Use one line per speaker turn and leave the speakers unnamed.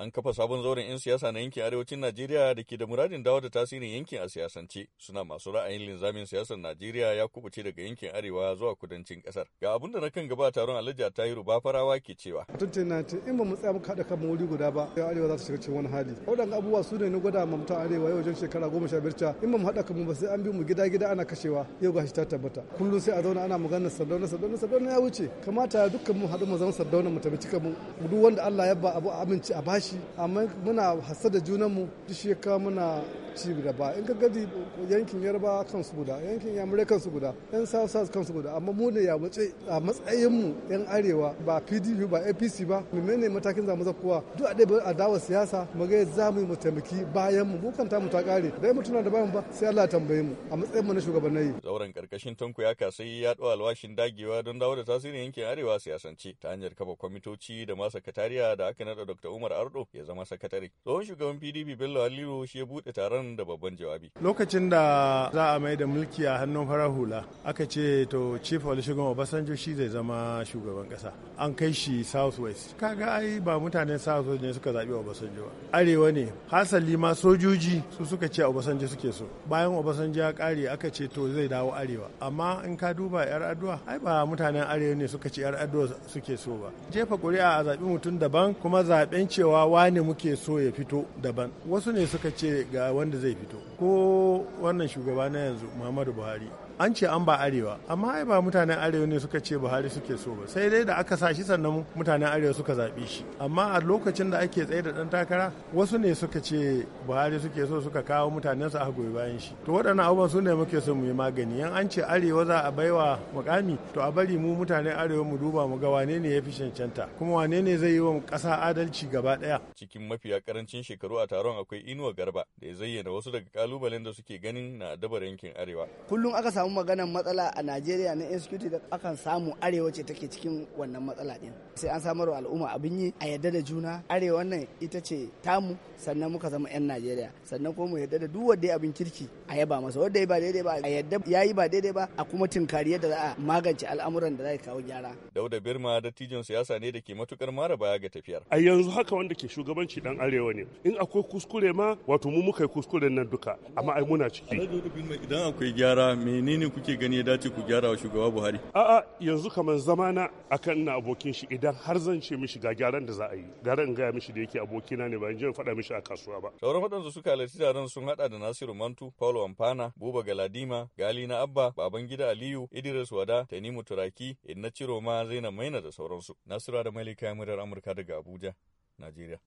an kafa sabon zauren 'yan siyasa na yankin arewacin Najeriya da ke da muradin dawo da tasirin yankin a siyasance suna masu ra'ayin linzamin siyasar Najeriya ya kubuce daga yankin arewa zuwa kudancin kasar. Ga abin da na kan gaba taron Alhaji Tahiru farawa ke cewa.
Tuntun na ce in ba mu tsaya muka haɗa kan wuri guda ba yau arewa za su shiga cikin wani hali. Waɗanda abubuwa su ne na gwada ma mutum arewa yau wajen shekara goma sha biyar ca in ba mu haɗa kan mu ba sai an bi mu gida gida ana kashewa yau gashi ta tabbata. Kullum sai a zauna ana magana sardauna sardauna sardauna ya wuce kamata dukkan mu haɗu mu zama sardauna mu tabbaci kanmu duk wanda Allah ya ba abu aminci a bashi shi amma muna hasa da junanmu duk shi ya kawo muna ci gaba in ka gadi yankin yarba kansu guda yankin yamurai kansu guda yan south south kansu guda amma mu ne ya wuce a matsayin mu yan arewa ba pdp ba apc ba mu ne matakin zamu zakkuwa duk a dai a dawo siyasa mu ga za mu mu taimaki bayan mu kan ta mu ta kare dai mutuna da bayan ba sai Allah tambaye mu a matsayin mu na shugabanni
zauren karkashin tanku ya kasai ya dawo alwashin dagewa don dawo da tasirin yankin arewa siyasance ta hanyar kafa kwamitoci da ma sakatariya da aka nada Dr. Umar Ardo ya zama sakatare tsohon shugaban PDP Bello Aliyu shi ya bude taron nan da babban jawabi.
Lokacin da za a mai da mulki a hannun farar hula aka ce to Chief Olusegun Obasanjo shi zai zama shugaban kasa. An kai shi South West. Kaga ai ba mutanen South West ne suka zaɓi Obasanjo ba. Arewa ne. Hasali ma sojoji su suka ce Obasanjo suke so. Bayan Obasanjo ya kare aka ce to zai dawo Arewa. Amma in ka duba 'yar Adua ai ba mutanen Arewa ne suka ce 'yar Adua suke so ba. Jefa ƙuri'a a zaɓi mutum daban kuma zaɓen cewa wane muke so ya fito daban. Wasu ne suka ce ga wani da zai fito ko wannan shugaba na yanzu muhammadu buhari an ce an ba arewa amma ai ba mutanen arewa ne suka ce buhari suke so ba sai dai da aka sa shi sannan mutanen arewa suka zaɓe shi amma a lokacin da ake tsaye da ɗan takara wasu ne suka ce buhari suke so suka kawo mutanensu aka goyi bayan shi to waɗannan abubuwan su ne muke so mu yi magani yan an ce arewa za a baiwa mukami to a bari mu mutanen arewa mu duba mu ga wane ne ya fi cancanta kuma wane ne zai yi wa ƙasa adalci gaba ɗaya
cikin mafiya karancin shekaru a taron akwai inuwa garba da ya zayyana da wasu daga kalubalen da suke ganin na dabar yankin arewa.
Kullum aka samu maganar matsala a Najeriya na insecurity da akan samu arewa ce take cikin wannan matsala din. Sai an samar wa al'umma abin yi a yadda da juna arewa nan ita ce tamu sannan muka zama 'yan Najeriya sannan kuma mu yadda da duk wanda ya abin kirki a yaba masa wanda ya ba daidai ba a yadda ya yi ba daidai ba a kuma tinkari yadda za a magance al'amuran da za kawo
gyara. Dauda Birma dattijon siyasa ne da ke matukar mara baya ga tafiyar. A yanzu haka wanda ke shugabanci
dan arewa ne in akwai kuskure ma wato mu muka yi kuskure kuskuren nan duka amma ai muna ciki
idan akwai gyara menene kuke gani ya dace ku gyara wa shugaba Buhari
a'a yanzu kamar zamana akan ina abokin shi idan har zan ce mishi ga gyaran da za a yi gara in gaya mishi da yake abokina ne bayan jin faɗa mishi a kasuwa ba
sauran waɗansu suka halarci taron sun hada da Nasiru Mantu paul Amfana Buba Galadima Gali na Abba gida Aliyu Idris Wada Tanimu Turaki Inna Ciroma Zainab Maina da sauransu Nasiru da Malika Murar Amurka daga Abuja Najeriya